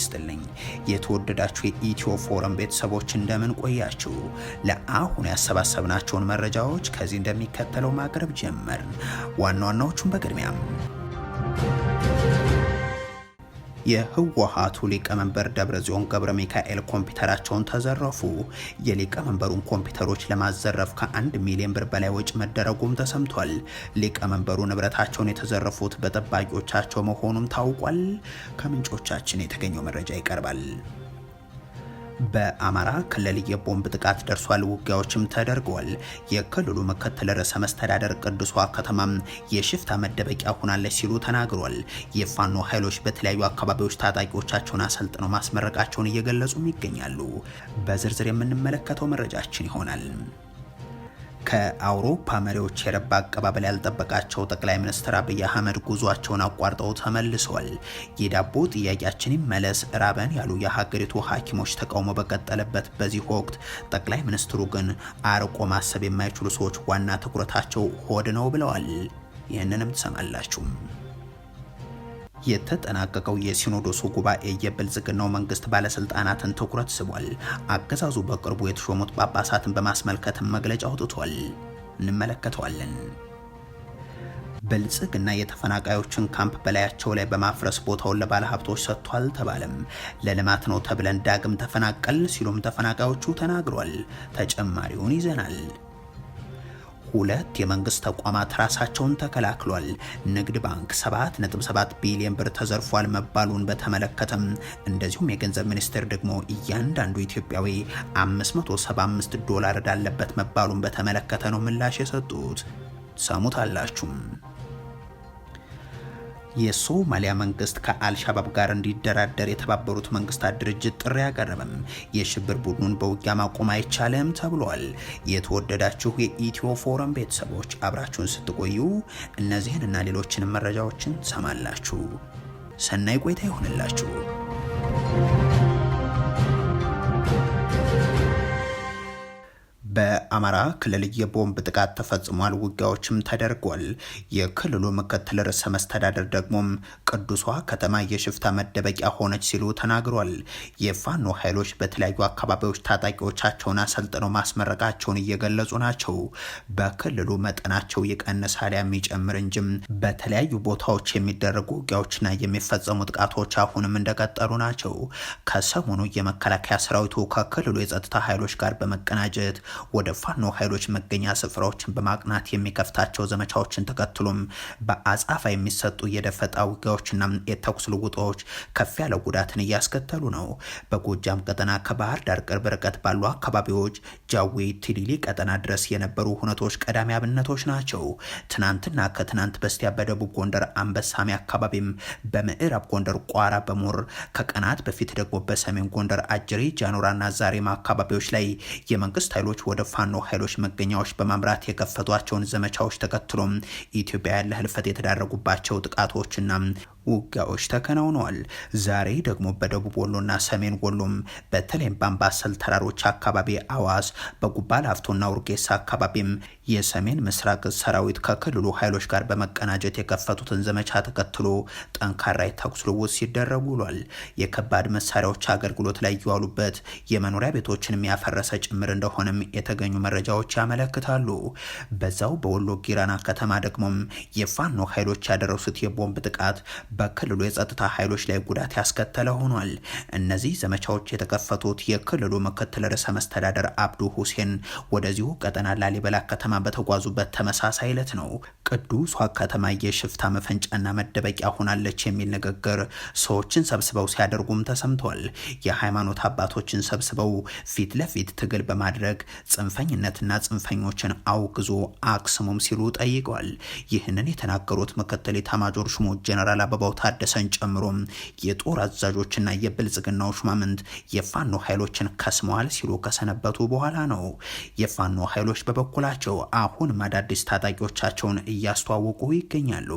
ይስጥልኝ። የተወደዳችሁ የኢትዮ ፎረም ቤተሰቦች እንደምን ቆያችሁ? ለአሁን ያሰባሰብናቸውን መረጃዎች ከዚህ እንደሚከተለው ማቅረብ ጀመር ዋና ዋናዎቹን በቅድሚያም የህወሓቱ ሊቀመንበር ደብረጽዮን ገብረ ሚካኤል ኮምፒውተራቸውን ተዘረፉ። የሊቀመንበሩን ኮምፒውተሮች ለማዘረፍ ከአንድ ሚሊዮን ብር በላይ ወጪ መደረጉም ተሰምቷል። ሊቀመንበሩ ንብረታቸውን የተዘረፉት በጠባቂዎቻቸው መሆኑም ታውቋል። ከምንጮቻችን የተገኘው መረጃ ይቀርባል። በአማራ ክልል የቦምብ ጥቃት ደርሷል። ውጊያዎችም ተደርገዋል። የክልሉ ምክትል ርዕሰ መስተዳደር ቅዱሷ ከተማም የሽፍታ መደበቂያ ሆናለች ሲሉ ተናግሯል። የፋኖ ኃይሎች በተለያዩ አካባቢዎች ታጣቂዎቻቸውን አሰልጥነው ማስመረቃቸውን እየገለጹም ይገኛሉ። በዝርዝር የምንመለከተው መረጃችን ይሆናል። ከአውሮፓ መሪዎች የረባ አቀባበል ያልጠበቃቸው ጠቅላይ ሚኒስትር አብይ አህመድ ጉዟቸውን አቋርጠው ተመልሰዋል። የዳቦ ጥያቄያችን ይመለስ ራበን ያሉ የሀገሪቱ ሐኪሞች ተቃውሞ በቀጠለበት በዚህ ወቅት ጠቅላይ ሚኒስትሩ ግን አርቆ ማሰብ የማይችሉ ሰዎች ዋና ትኩረታቸው ሆድ ነው ብለዋል። ይህንንም ትሰማላችሁ። የተጠናቀቀው የሲኖዶሱ ጉባኤ የብልጽግናው መንግስት ባለስልጣናትን ትኩረት ስቧል። አገዛዙ በቅርቡ የተሾሙት ጳጳሳትን በማስመልከት መግለጫ አውጥቷል። እንመለከተዋለን። ብልጽግና የተፈናቃዮችን ካምፕ በላያቸው ላይ በማፍረስ ቦታውን ለባለሀብቶች ሰጥቷል ተባለም። ለልማት ነው ተብለን ዳግም ተፈናቀል ሲሉም ተፈናቃዮቹ ተናግሯል። ተጨማሪውን ይዘናል። ሁለት የመንግስት ተቋማት ራሳቸውን ተከላክሏል። ንግድ ባንክ 7.7 ቢሊዮን ብር ተዘርፏል መባሉን በተመለከተም እንደዚሁም የገንዘብ ሚኒስቴር ደግሞ እያንዳንዱ ኢትዮጵያዊ 575 ዶላር እዳለበት መባሉን በተመለከተ ነው ምላሽ የሰጡት። ሰሙታላችሁም። የሶማሊያ መንግስት ከአልሻባብ ጋር እንዲደራደር የተባበሩት መንግስታት ድርጅት ጥሪ አቀረበም። የሽብር ቡድኑን በውጊያ ማቆም አይቻልም ተብሏል። የተወደዳችሁ የኢትዮ ፎረም ቤተሰቦች አብራችሁን ስትቆዩ እነዚህን እና ሌሎችንም መረጃዎችን ሰማላችሁ። ሰናይ ቆይታ ይሆንላችሁ። አማራ ክልል የቦምብ ጥቃት ተፈጽሟል፣ ውጊያዎችም ተደርጓል። የክልሉ ምክትል ርዕሰ መስተዳደር ደግሞም ቅዱሷ ከተማ የሽፍታ መደበቂያ ሆነች ሲሉ ተናግሯል። የፋኖ ኃይሎች በተለያዩ አካባቢዎች ታጣቂዎቻቸውን አሰልጥነው ማስመረቃቸውን እየገለጹ ናቸው። በክልሉ መጠናቸው ይቀንሳል የሚጨምር እንጂም በተለያዩ ቦታዎች የሚደረጉ ውጊያዎችና የሚፈጸሙ ጥቃቶች አሁንም እንደቀጠሉ ናቸው። ከሰሞኑ የመከላከያ ሰራዊቱ ከክልሉ የጸጥታ ኃይሎች ጋር በመቀናጀት ወደ የፋኖ ኃይሎች መገኛ ስፍራዎችን በማቅናት የሚከፍታቸው ዘመቻዎችን ተከትሎም በአጻፋ የሚሰጡ የደፈጣ ውጊያዎችና የተኩስ ልውጦች ከፍ ያለ ጉዳትን እያስከተሉ ነው። በጎጃም ቀጠና ከባህር ዳር ቅርብ ርቀት ባሉ አካባቢዎች ጃዊ ትሊሊ ቀጠና ድረስ የነበሩ ሁነቶች ቀዳሚ አብነቶች ናቸው። ትናንትና ከትናንት በስቲያ በደቡብ ጎንደር አንበሳሜ አካባቢም፣ በምዕራብ ጎንደር ቋራ በሙር ከቀናት በፊት ደግሞ በሰሜን ጎንደር አጅሪ ጃኖራና ዛሬማ አካባቢዎች ላይ የመንግስት ኃይሎች ወደ ፋኖ የፋኖ ኃይሎች መገኛዎች በማምራት የከፈቷቸውን ዘመቻዎች ተከትሎም ኢትዮጵያ ያለ ህልፈት የተዳረጉባቸው ጥቃቶችና ውጊያዎች ተከናውነዋል። ዛሬ ደግሞ በደቡብ ወሎና ሰሜን ወሎም በተለይም በአምባሰል ተራሮች አካባቢ አዋስ፣ በጉባ ላፍቶና ውርጌሳ አካባቢም የሰሜን ምስራቅ ሰራዊት ከክልሉ ኃይሎች ጋር በመቀናጀት የከፈቱትን ዘመቻ ተከትሎ ጠንካራ የተኩስ ልውውጥ ሲደረጉ ውሏል። የከባድ መሳሪያዎች አገልግሎት ላይ እየዋሉበት የመኖሪያ ቤቶችን የሚያፈረሰ ጭምር እንደሆነም የተገኙ መረጃዎች ያመለክታሉ። በዛው በወሎ ጊራና ከተማ ደግሞም የፋኖ ኃይሎች ያደረሱት የቦምብ ጥቃት በክልሉ የጸጥታ ኃይሎች ላይ ጉዳት ያስከተለ ሆኗል። እነዚህ ዘመቻዎች የተከፈቱት የክልሉ ምክትል ርዕሰ መስተዳደር አብዱ ሁሴን ወደዚሁ ቀጠና ላሊበላ ከተማ በተጓዙበት ተመሳሳይ ዕለት ነው። ቅዱሷ ከተማ የሽፍታ መፈንጫና መደበቂያ ሆናለች የሚል ንግግር ሰዎችን ሰብስበው ሲያደርጉም ተሰምቷል። የሃይማኖት አባቶችን ሰብስበው ፊት ለፊት ትግል በማድረግ ጽንፈኝነትና ጽንፈኞችን አውግዞ አክስሙም ሲሉ ጠይቀዋል። ይህንን የተናገሩት ምክትል ኤታማዦር ሹም ጀነራል አበባ አበባው ታደሰን ጨምሮ የጦር አዛዦችና የብልጽግናው ሹማምንት የፋኖ ኃይሎችን ከስመዋል ሲሉ ከሰነበቱ በኋላ ነው። የፋኖ ኃይሎች በበኩላቸው አሁን አዳዲስ ታጣቂዎቻቸውን እያስተዋወቁ ይገኛሉ።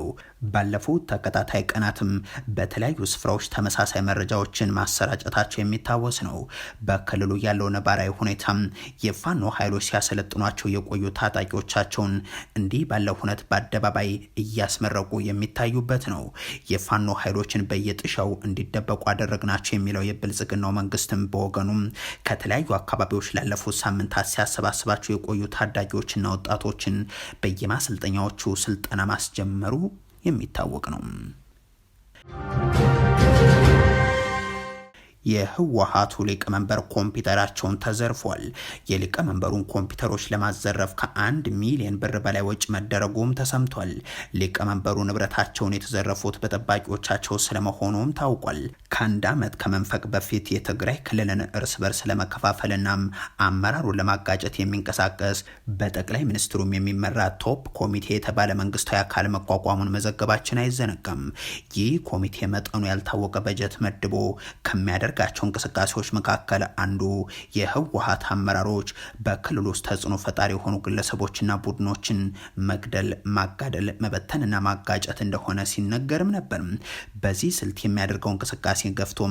ባለፉት ተከታታይ ቀናትም በተለያዩ ስፍራዎች ተመሳሳይ መረጃዎችን ማሰራጨታቸው የሚታወስ ነው። በክልሉ ያለው ነባራዊ ሁኔታም የፋኖ ኃይሎች ሲያሰለጥኗቸው የቆዩ ታጣቂዎቻቸውን እንዲህ ባለው ሁነት በአደባባይ እያስመረቁ የሚታዩበት ነው። የፋኖ ኃይሎችን በየጥሻው እንዲደበቁ አደረግናቸው የሚለው የብልጽግናው መንግስትም በወገኑም ከተለያዩ አካባቢዎች ላለፉት ሳምንታት ሲያሰባስባቸው የቆዩ ታዳጊዎችና ወጣቶችን በየማሰልጠኛዎቹ ስልጠና ማስጀመሩ የሚታወቅ ነው። የህወሀቱ ሊቀመንበር ኮምፒውተራቸውን ተዘርፏል። የሊቀመንበሩን ኮምፒውተሮች ለማዘረፍ ከአንድ ሚሊዮን ብር በላይ ወጪ መደረጉም ተሰምቷል። ሊቀመንበሩ ንብረታቸውን የተዘረፉት በጠባቂዎቻቸው ስለመሆኑም ታውቋል። ከአንድ ዓመት ከመንፈቅ በፊት የትግራይ ክልልን እርስ በርስ ለመከፋፈልናም አመራሩን ለማጋጨት የሚንቀሳቀስ በጠቅላይ ሚኒስትሩም የሚመራ ቶፕ ኮሚቴ የተባለ መንግስታዊ አካል መቋቋሙን መዘገባችን አይዘነጋም። ይህ ኮሚቴ መጠኑ ያልታወቀ በጀት መድቦ ከሚያደርግ ከሚያደርጋቸው እንቅስቃሴዎች መካከል አንዱ የህወሀት አመራሮች በክልል ውስጥ ተጽዕኖ ፈጣሪ የሆኑ ግለሰቦችና ቡድኖችን መግደል፣ ማጋደል፣ መበተንና ማጋጨት እንደሆነ ሲነገርም ነበር። በዚህ ስልት የሚያደርገው እንቅስቃሴ ገፍቶ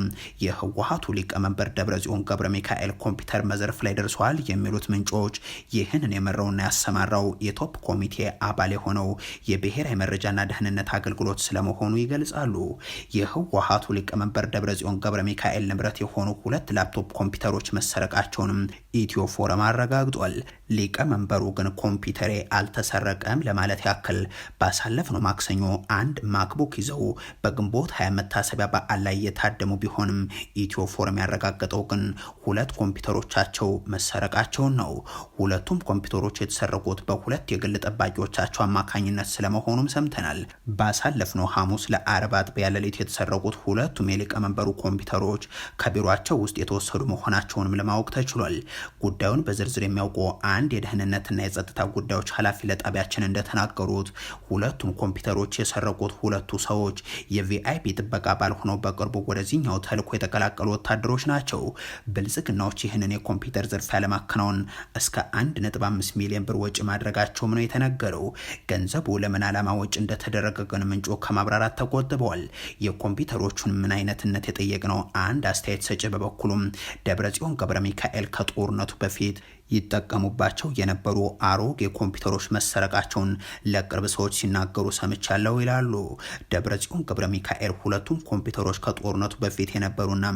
የህወሀቱ ሊቀመንበር ደብረጽዮን ገብረ ሚካኤል ኮምፒውተር መዘርፍ ላይ ደርሰዋል የሚሉት ምንጮች ይህንን የመራውና ያሰማራው የቶፕ ኮሚቴ አባል የሆነው የብሔራዊ መረጃና ደህንነት አገልግሎት ስለመሆኑ ይገልጻሉ። የህወሀቱ ሊቀመንበር ደብረጽዮን ገብረ ሚካኤል ንብረት የሆኑ ሁለት ላፕቶፕ ኮምፒውተሮች መሰረቃቸውንም ኢትዮ ፎረም አረጋግጧል። ሊቀመንበሩ ግን ኮምፒውተሬ አልተሰረቀም ለማለት ያክል ባሳለፍነው ማክሰኞ አንድ ማክቡክ ይዘው በግንቦት ሀያ መታሰቢያ በዓል ላይ የታደሙ ቢሆንም ኢትዮ ፎረም ያረጋገጠው ግን ሁለት ኮምፒውተሮቻቸው መሰረቃቸውን ነው። ሁለቱም ኮምፒውተሮች የተሰረቁት በሁለት የግል ጠባቂዎቻቸው አማካኝነት ስለመሆኑም ሰምተናል። ባሳለፍነው ሐሙስ ለአርብ አጥቢያ ሌሊት የተሰረቁት ሁለቱም የሊቀመንበሩ ኮምፒውተሮች ከቢሯቸው ውስጥ የተወሰዱ መሆናቸውንም ለማወቅ ተችሏል። ጉዳዩን በዝርዝር የሚያውቁ አንድ የደህንነትና የጸጥታ ጉዳዮች ኃላፊ ለጣቢያችን እንደተናገሩት ሁለቱም ኮምፒውተሮች የሰረቁት ሁለቱ ሰዎች የቪአይፒ ጥበቃ አባል ሆነው በቅርቡ ወደዚህኛው ተልኮ የተቀላቀሉ ወታደሮች ናቸው። ብልጽግናዎች ይህንን የኮምፒውተር ዝርፊያ ለማከናወን እስከ 1.5 ሚሊዮን ብር ወጪ ማድረጋቸውም ነው የተነገረው። ገንዘቡ ለምን ዓላማ ወጪ እንደተደረገ ግን ምንጮ ከማብራራት ተቆጥበዋል። የኮምፒውተሮቹን ምን አይነትነት የጠየቅነው አንድ አስተያየት ሰጪ በበኩሉም ደብረጽዮን ገብረ ሚካኤል ከጦርነቱ በፊት ይጠቀሙባቸው የነበሩ አሮጌ ኮምፒውተሮች መሰረቃቸውን ለቅርብ ሰዎች ሲናገሩ ሰምቻለሁ ይላሉ። ደብረጽዮን ገብረ ሚካኤል ሁለቱም ኮምፒውተሮች ከጦርነቱ በፊት የነበሩና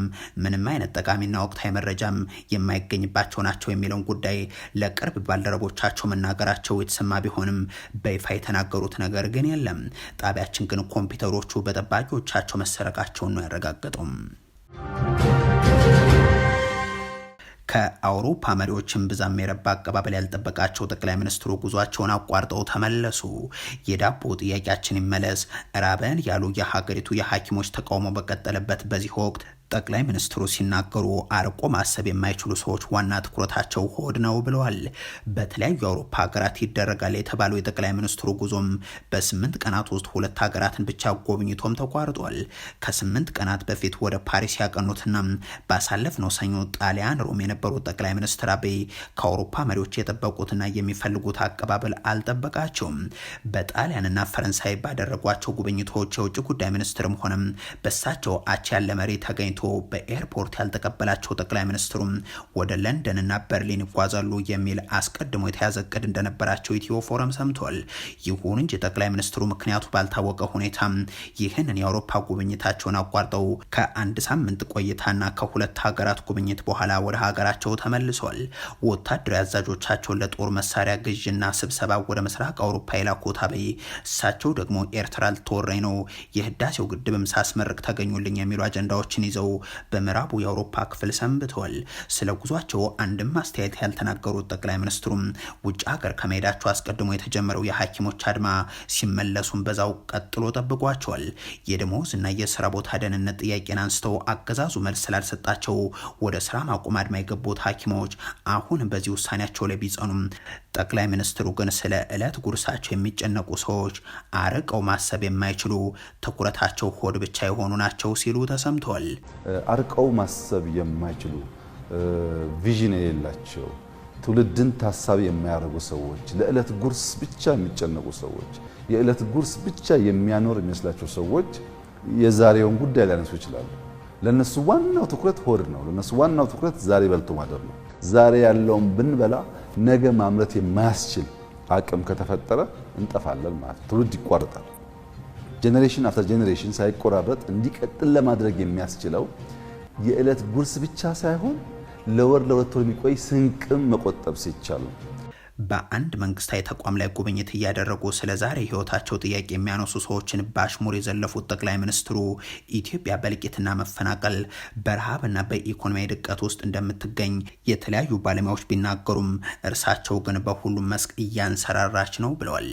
ምንም አይነት ጠቃሚና ወቅታዊ መረጃም የማይገኝባቸው ናቸው የሚለውን ጉዳይ ለቅርብ ባልደረቦቻቸው መናገራቸው የተሰማ ቢሆንም በይፋ የተናገሩት ነገር ግን የለም። ጣቢያችን ግን ኮምፒውተሮቹ በጠባቂዎቻቸው መሰረቃቸውን ነው ያረጋገጠው። ከአውሮፓ መሪዎችን ብዛም የረባ አቀባበል ያልጠበቃቸው ጠቅላይ ሚኒስትሩ ጉዟቸውን አቋርጠው ተመለሱ። የዳቦ ጥያቄያችን ይመለስ ራበን ያሉ የሀገሪቱ የሐኪሞች ተቃውሞ በቀጠለበት በዚህ ወቅት ጠቅላይ ሚኒስትሩ ሲናገሩ አርቆ ማሰብ የማይችሉ ሰዎች ዋና ትኩረታቸው ሆድ ነው ብለዋል። በተለያዩ የአውሮፓ ሀገራት ይደረጋል የተባለው የጠቅላይ ሚኒስትሩ ጉዞም በስምንት ቀናት ውስጥ ሁለት ሀገራትን ብቻ ጎብኝቶም ተቋርጧል። ከስምንት ቀናት በፊት ወደ ፓሪስ ያቀኑትና ባሳለፍነው ሰኞ ጣሊያን ሮም የነበሩት ጠቅላይ ሚኒስትር አብይ ከአውሮፓ መሪዎች የጠበቁትና የሚፈልጉት አቀባበል አልጠበቃቸውም። በጣሊያንና ፈረንሳይ ባደረጓቸው ጉብኝቶች የውጭ ጉዳይ ሚኒስትርም ሆነም በሳቸው አቻ ያለ መሪ ተገኝ አይቶ በኤርፖርት ያልተቀበላቸው ጠቅላይ ሚኒስትሩም ወደ ለንደንና በርሊን ይጓዛሉ የሚል አስቀድሞ የተያዘ እቅድ እንደነበራቸው ኢትዮ ፎረም ሰምቷል። ይሁን እንጂ ጠቅላይ ሚኒስትሩ ምክንያቱ ባልታወቀ ሁኔታ ይህንን የአውሮፓ ጉብኝታቸውን አቋርጠው ከአንድ ሳምንት ቆይታና ከሁለት ሀገራት ጉብኝት በኋላ ወደ ሀገራቸው ተመልሷል። ወታደራዊ አዛዦቻቸውን ለጦር መሳሪያ ግዥና ስብሰባ ወደ ምስራቅ አውሮፓ የላኩት አብይ እሳቸው ደግሞ ኤርትራ ልትወረኝ ነው፣ የህዳሴው ግድብም ሳስመርቅ ተገኙልኝ የሚሉ አጀንዳዎችን ይዘው ጉዟቸው በምዕራቡ የአውሮፓ ክፍል ሰንብተዋል። ስለ ጉዟቸው አንድም አስተያየት ያልተናገሩት ጠቅላይ ሚኒስትሩም ውጭ ሀገር ከመሄዳቸው አስቀድሞ የተጀመረው የሐኪሞች አድማ ሲመለሱም በዛው ቀጥሎ ጠብቋቸዋል። የደሞዝ እና የስራ ቦታ ደህንነት ጥያቄን አንስተው አገዛዙ መልስ ስላልሰጣቸው ወደ ስራ ማቆም አድማ የገቡት ሐኪሞች አሁን በዚህ ውሳኔያቸው ላይ ቢጸኑም ጠቅላይ ሚኒስትሩ ግን ስለ ዕለት ጉርሳቸው የሚጨነቁ ሰዎች አርቀው ማሰብ የማይችሉ ትኩረታቸው ሆድ ብቻ የሆኑ ናቸው ሲሉ ተሰምተዋል። አርቀው ማሰብ የማይችሉ ቪዥን የሌላቸው ትውልድን ታሳቢ የማያደርጉ ሰዎች፣ ለዕለት ጉርስ ብቻ የሚጨነቁ ሰዎች፣ የዕለት ጉርስ ብቻ የሚያኖር የሚመስላቸው ሰዎች የዛሬውን ጉዳይ ሊያነሱ ይችላሉ። ለነሱ ዋናው ትኩረት ሆድ ነው። ለነሱ ዋናው ትኩረት ዛሬ በልቶ ማደር ነው። ዛሬ ያለውን ብንበላ ነገ ማምረት የማያስችል አቅም ከተፈጠረ እንጠፋለን ማለት ነው። ትውልድ ይቋርጣል። ጀኔሬሽን አፍተር ጀኔሬሽን ሳይቆራረጥ እንዲቀጥል ለማድረግ የሚያስችለው የዕለት ጉርስ ብቻ ሳይሆን ለወር ለሁለት ወር የሚቆይ ስንቅም መቆጠብ ሲቻሉ በአንድ መንግስታዊ ተቋም ላይ ጉብኝት እያደረጉ ስለ ዛሬ ህይወታቸው ጥያቄ የሚያነሱ ሰዎችን በአሽሙር የዘለፉት ጠቅላይ ሚኒስትሩ ኢትዮጵያ በልቂትና መፈናቀል በረሃብና በኢኮኖሚያዊ ድቀት ውስጥ እንደምትገኝ የተለያዩ ባለሙያዎች ቢናገሩም እርሳቸው ግን በሁሉም መስክ እያንሰራራች ነው ብለዋል።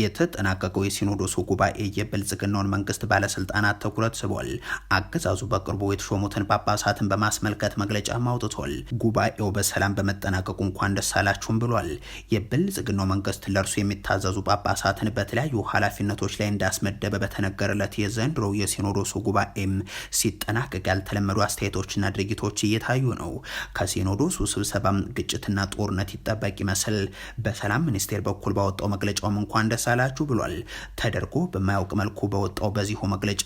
የተጠናቀቀው የሲኖዶሱ ጉባኤ የብልጽግናውን መንግስት ባለስልጣናት ትኩረት ስቧል። አገዛዙ በቅርቡ የተሾሙትን ጳጳሳትን በማስመልከት መግለጫ አውጥቷል። ጉባኤው በሰላም በመጠናቀቁ እንኳን ደስ አላችሁም ብሏል። የብልጽግናው መንግስት ለእርሱ የሚታዘዙ ጳጳሳትን በተለያዩ ኃላፊነቶች ላይ እንዳስመደበ በተነገረለት የዘንድሮው የሲኖዶሱ ጉባኤም ሲጠናቀቅ ያልተለመዱ አስተያየቶችና ድርጊቶች እየታዩ ነው። ከሲኖዶሱ ስብሰባም ግጭትና ጦርነት ይጠበቅ ይመስል በሰላም ሚኒስቴር በኩል ባወጣው መግለጫውም እንኳን ደሳላችሁ ብሏል። ተደርጎ በማያውቅ መልኩ በወጣው በዚሁ መግለጫ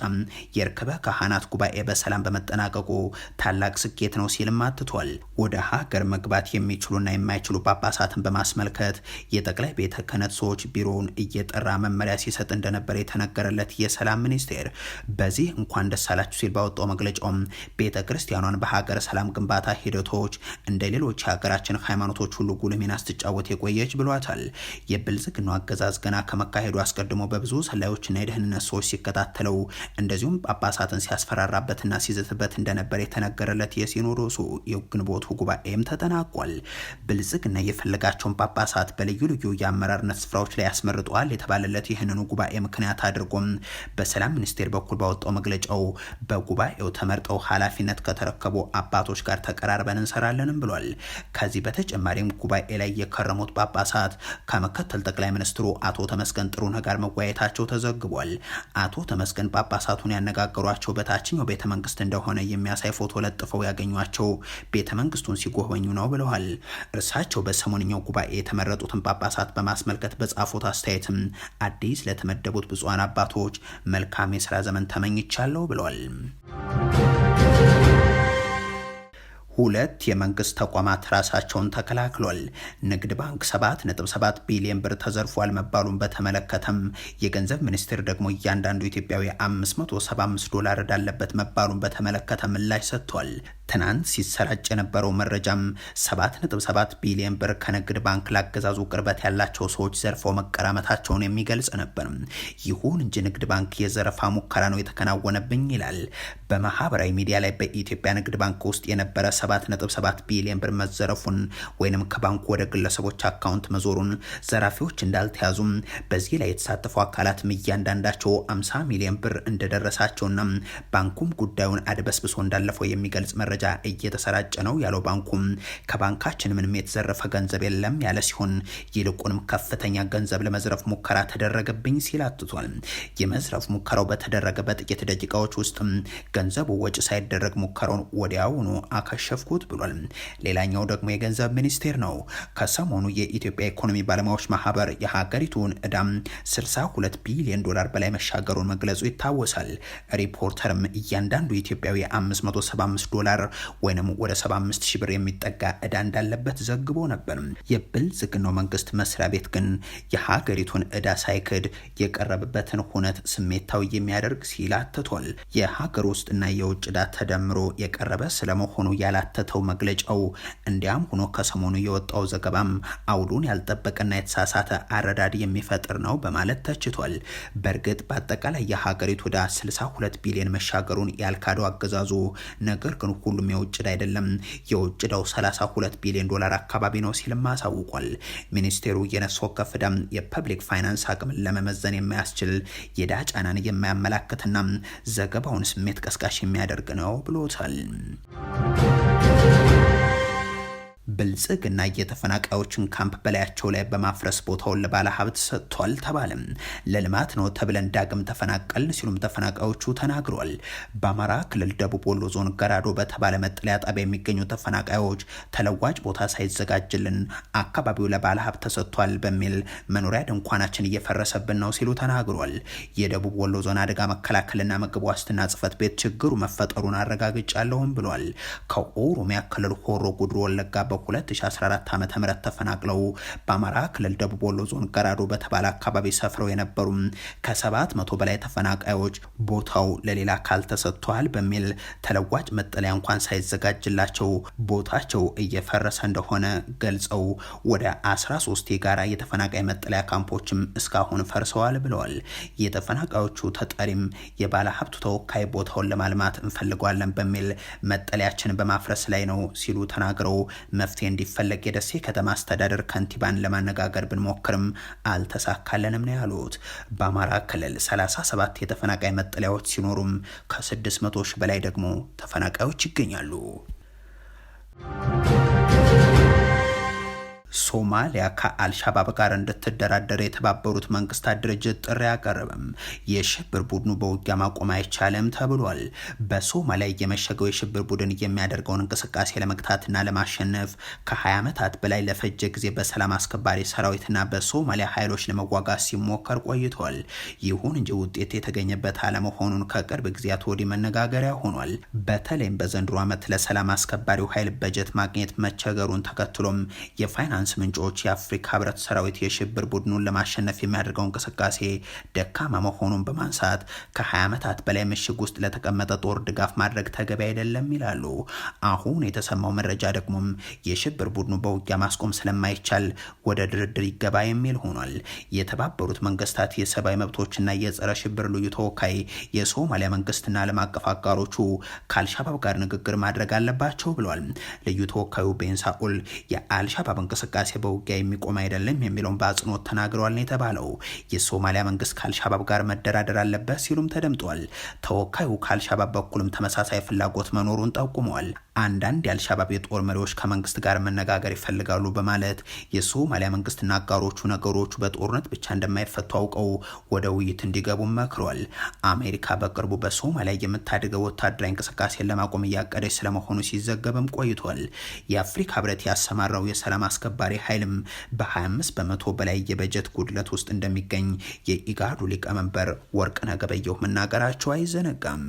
የእርክበ ካህናት ጉባኤ በሰላም በመጠናቀቁ ታላቅ ስኬት ነው ሲልም አትቷል። ወደ ሀገር መግባት የሚችሉና የማይችሉ ጳጳሳትን በማስመልከት የጠቅላይ ቤተ ክህነት ሰዎች ቢሮውን እየጠራ መመሪያ ሲሰጥ እንደነበር የተነገረለት የሰላም ሚኒስቴር በዚህ እንኳን ደሳላችሁ ሲል ባወጣው መግለጫውም ቤተ ክርስቲያኗን በሀገር ሰላም ግንባታ ሂደቶች እንደ ሌሎች የሀገራችን ሃይማኖቶች ሁሉ ጉልህ ሚና ስትጫወት የቆየች ብሏታል። የብልጽግናው አገዛዝ ገና ከመካሄዱ አስቀድሞ በብዙ ሰላዮችና የደህንነት ሰዎች ሲከታተለው እንደዚሁም ጳጳሳትን ሲያስፈራራበትና ሲዘትበት እንደነበር የተነገረለት የሲኖዶሱ የግንቦቱ ጉባኤም ተጠናቋል። ብልጽግና የፈለጋቸውን ጳጳሳት በልዩ ልዩ የአመራርነት ስፍራዎች ላይ ያስመርጠዋል የተባለለት ይህንኑ ጉባኤ ምክንያት አድርጎም በሰላም ሚኒስቴር በኩል ባወጣው መግለጫው በጉባኤው ተመርጠው ኃላፊነት ከተረከቡ አባቶች ጋር ተቀራርበን እንሰራለንም ብሏል። ከዚህ በተጨማሪም ጉባኤ ላይ የከረሙት ጳጳሳት ከምክትል ጠቅላይ ሚኒስትሩ አቶ ተመስገን ጥሩነህ ጋር መወያየታቸው ተዘግቧል። አቶ ተመስገን ጳጳሳቱን ያነጋገሯቸው በታችኛው ቤተ መንግስት እንደሆነ የሚያሳይ ፎቶ ለጥፈው ያገኟቸው ቤተ መንግስቱን ሲጎበኙ ነው ብለዋል። እርሳቸው በሰሞንኛው ጉባኤ የተመረጡትን ጳጳሳት በማስመልከት በጻፉት አስተያየትም አዲስ ለተመደቡት ብፁዓን አባቶች መልካም የስራ ዘመን ተመኝቻለሁ ብለዋል። ሁለት የመንግስት ተቋማት ራሳቸውን ተከላክሏል። ንግድ ባንክ 7.7 ቢሊዮን ብር ተዘርፏል መባሉን በተመለከተም የገንዘብ ሚኒስቴር ደግሞ እያንዳንዱ ኢትዮጵያዊ 575 ዶላር እዳለበት መባሉን በተመለከተ ምላሽ ሰጥቷል። ትናንት ሲሰራጭ የነበረው መረጃም 7.7 ቢሊዮን ብር ከንግድ ባንክ ላገዛዙ ቅርበት ያላቸው ሰዎች ዘርፈው መቀራመታቸውን የሚገልጽ ነበር። ይሁን እንጂ ንግድ ባንክ የዘረፋ ሙከራ ነው የተከናወነብኝ ይላል። በማህበራዊ ሚዲያ ላይ በኢትዮጵያ ንግድ ባንክ ውስጥ የነበረ 7.7 ቢሊዮን ብር መዘረፉን ወይንም ከባንኩ ወደ ግለሰቦች አካውንት መዞሩን፣ ዘራፊዎች እንዳልተያዙም በዚህ ላይ የተሳተፉ አካላትም እያንዳንዳቸው 50 ሚሊዮን ብር እንደደረሳቸውና ባንኩም ጉዳዩን አድበስብሶ እንዳለፈው የሚገልጽ መረጃ መረጃ እየተሰራጨ ነው ያለው ባንኩም ከባንካችን ምንም የተዘረፈ ገንዘብ የለም ያለ ሲሆን ይልቁንም ከፍተኛ ገንዘብ ለመዝረፍ ሙከራ ተደረገብኝ ሲል አትቷል። የመዝረፍ ሙከራው በተደረገ በጥቂት ደቂቃዎች ውስጥ ገንዘቡ ወጪ ሳይደረግ ሙከራውን ወዲያውኑ አከሸፍኩት ብሏል። ሌላኛው ደግሞ የገንዘብ ሚኒስቴር ነው። ከሰሞኑ የኢትዮጵያ ኢኮኖሚ ባለሙያዎች ማህበር የሀገሪቱን እዳም 62 ቢሊዮን ዶላር በላይ መሻገሩን መግለጹ ይታወሳል። ሪፖርተርም እያንዳንዱ ኢትዮጵያዊ 575 ዶላር ወይንም ወደ 75 ሺህ ብር የሚጠጋ እዳ እንዳለበት ዘግቦ ነበር። የብልጽግናው መንግስት መስሪያ ቤት ግን የሀገሪቱን እዳ ሳይክድ የቀረበበትን ሁነት ስሜታዊ የሚያደርግ ሲል አትቷል። የሀገር ውስጥና የውጭ እዳ ተደምሮ የቀረበ ስለመሆኑ ያላተተው መግለጫው፣ እንዲያም ሆኖ ከሰሞኑ የወጣው ዘገባም አውዱን ያልጠበቀና የተሳሳተ አረዳድ የሚፈጥር ነው በማለት ተችቷል። በእርግጥ በአጠቃላይ የሀገሪቱ ዕዳ 62 ቢሊዮን መሻገሩን ያልካደው አገዛዙ ነገር ግን ሁሉ ሁሉም የውጭ ዕዳ አይደለም፣ የውጭ ዕዳው 32 ቢሊዮን ዶላር አካባቢ ነው ሲልም አሳውቋል። ሚኒስቴሩ የነፍስ ወከፍ ዕዳም የፐብሊክ ፋይናንስ አቅምን ለመመዘን የማያስችል የዕዳ ጫናን የማያመላክትና ዘገባውን ስሜት ቀስቃሽ የሚያደርግ ነው ብሎታል። ብልጽግና የተፈናቃዮችን ካምፕ በላያቸው ላይ በማፍረስ ቦታውን ለባለ ሀብት ሰጥቷል ተባለም። ለልማት ነው ተብለን ዳግም ተፈናቀልን ሲሉም ተፈናቃዮቹ ተናግረዋል። በአማራ ክልል ደቡብ ወሎ ዞን ገራዶ በተባለ መጠለያ ጣቢያ የሚገኙ ተፈናቃዮች ተለዋጭ ቦታ ሳይዘጋጅልን አካባቢው ለባለ ተሰጥቷል በሚል መኖሪያ ድንኳናችን እየፈረሰብን ነው ሲሉ ተናግሯል። የደቡብ ወሎ ዞን አደጋ መከላከልና ምግብ ዋስትና ጽሕፈት ቤት ችግሩ መፈጠሩን አረጋግጫለሁም ብሏል። ከኦሮሚያ ክልል ሆሮ ጉድሮ ወለጋ በ2014 ዓ ም ተፈናቅለው በአማራ ክልል ደቡብ ወሎ ዞን ገራዶ በተባለ አካባቢ ሰፍረው የነበሩ ከ700 በላይ ተፈናቃዮች ቦታው ለሌላ አካል ተሰጥቷል በሚል ተለዋጭ መጠለያ እንኳን ሳይዘጋጅላቸው ቦታቸው እየፈረሰ እንደሆነ ገልጸው ወደ 13 የጋራ የተፈናቃይ መጠለያ ካምፖችም እስካሁን ፈርሰዋል ብለዋል። የተፈናቃዮቹ ተጠሪም የባለ ሀብቱ ተወካይ ቦታውን ለማልማት እንፈልገዋለን በሚል መጠለያችን በማፍረስ ላይ ነው ሲሉ ተናግረው መፍትሄ እንዲፈለግ የደሴ ከተማ አስተዳደር ከንቲባን ለማነጋገር ብንሞክርም አልተሳካለንም ነው ያሉት። በአማራ ክልል 37 የተፈናቃይ መጠለያዎች ሲኖሩም ከ600 ሺህ በላይ ደግሞ ተፈናቃዮች ይገኛሉ። ሶማሊያ ከአልሻባብ ጋር እንድትደራደር የተባበሩት መንግስታት ድርጅት ጥሪ አቀረበም። የሽብር ቡድኑ በውጊያ ማቆም አይቻልም ተብሏል። በሶማሊያ የመሸገው የሽብር ቡድን የሚያደርገውን እንቅስቃሴ ለመግታትና ለማሸነፍ ከ20 ዓመታት በላይ ለፈጀ ጊዜ በሰላም አስከባሪ ሰራዊትና በሶማሊያ ኃይሎች ለመዋጋት ሲሞከር ቆይቷል። ይሁን እንጂ ውጤት የተገኘበት አለመሆኑን ከቅርብ ጊዜያት ወዲህ መነጋገሪያ ሆኗል። በተለይም በዘንድሮ ዓመት ለሰላም አስከባሪው ኃይል በጀት ማግኘት መቸገሩን ተከትሎም የፋይናንስ የፋይናንስ ምንጮች የአፍሪካ ህብረት ሰራዊት የሽብር ቡድኑን ለማሸነፍ የሚያደርገው እንቅስቃሴ ደካማ መሆኑን በማንሳት ከ20 ዓመታት በላይ ምሽግ ውስጥ ለተቀመጠ ጦር ድጋፍ ማድረግ ተገቢ አይደለም ይላሉ። አሁን የተሰማው መረጃ ደግሞም የሽብር ቡድኑ በውጊያ ማስቆም ስለማይቻል ወደ ድርድር ይገባ የሚል ሆኗል። የተባበሩት መንግስታት የሰብአዊ መብቶችና የጸረ ሽብር ልዩ ተወካይ የሶማሊያ መንግስትና ዓለም አቀፍ አጋሮቹ ከአልሻባብ ጋር ንግግር ማድረግ አለባቸው ብሏል። ልዩ ተወካዩ ቤንሳኡል የአልሻባብ እንቅስቃሴ እንቅስቃሴ በውጊያ የሚቆም አይደለም የሚለውን በአጽንኦት ተናግረዋል ነው የተባለው። የሶማሊያ መንግስት ከአልሻባብ ጋር መደራደር አለበት ሲሉም ተደምጧል። ተወካዩ ከአልሻባብ በኩልም ተመሳሳይ ፍላጎት መኖሩን ጠቁመዋል። አንዳንድ የአልሻባብ የጦር መሪዎች ከመንግስት ጋር መነጋገር ይፈልጋሉ በማለት የሶማሊያ መንግስትና አጋሮቹ ነገሮቹ በጦርነት ብቻ እንደማይፈቱ አውቀው ወደ ውይይት እንዲገቡ መክሯል። አሜሪካ በቅርቡ በሶማሊያ የምታድገው ወታደራዊ እንቅስቃሴን ለማቆም እያቀደች ስለመሆኑ ሲዘገብም ቆይቷል። የአፍሪካ ህብረት ያሰማራው የሰላም አስከባሪ አሸባሪ ኃይልም በ25 በመቶ በላይ የበጀት ጉድለት ውስጥ እንደሚገኝ የኢጋዱ ሊቀመንበር ወርቅነህ ገበየሁ መናገራቸው አይዘነጋም።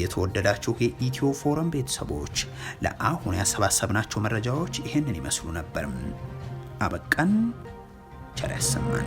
የተወደዳችሁ የኢትዮ ፎረም ቤተሰቦች ለአሁን ያሰባሰብናቸው መረጃዎች ይህንን ይመስሉ ነበርም። አበቃን። ቸር ያሰማን።